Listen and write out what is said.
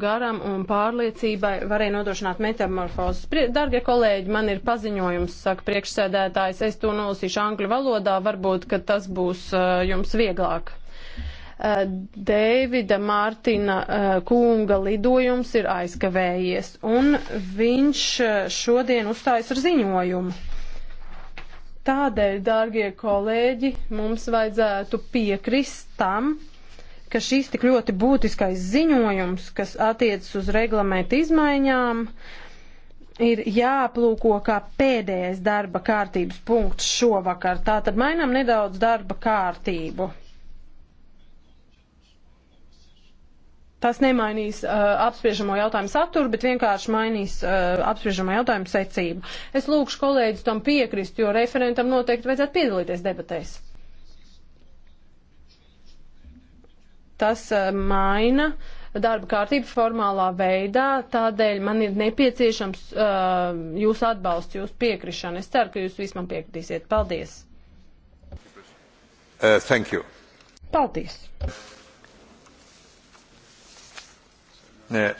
garam un pārliecībai varēja nodrošināt metamorfozes. Dargie kolēģi, man ir paziņojums, saka priekšsēdētājs, es to nolasīšu angļu valodā, varbūt, ka tas būs uh, jums vieglāk. Uh, Dēvida Mārtina uh, kunga lidojums ir aizkavējies, un viņš uh, šodien uzstājas ar ziņojumu. Tādēļ, dārgie kolēģi, mums vajadzētu piekrist tam, ka šis tik ļoti būtiskais ziņojums, kas attiecas uz reglamentu izmaiņām, ir jāplūko kā pēdējais darba kārtības punkts šovakar. Tātad mainām nedaudz darba kārtību. Tas nemainīs uh, apspriežamo jautājumu saturu, bet vienkārši mainīs uh, apspriežamo jautājumu secību. Es lūkšu kolēģis tam piekrist, jo referentam noteikti vajadzētu piedalīties debatēs. tas eh, maina darba kārtību formālā veidā, tādēļ man ir nepieciešams uh, jūsu atbalsts, jūsu piekrišana. Es ceru, ka jūs vismaz piekritīsiet. Paldies! Uh, thank you. Paldies! Nē.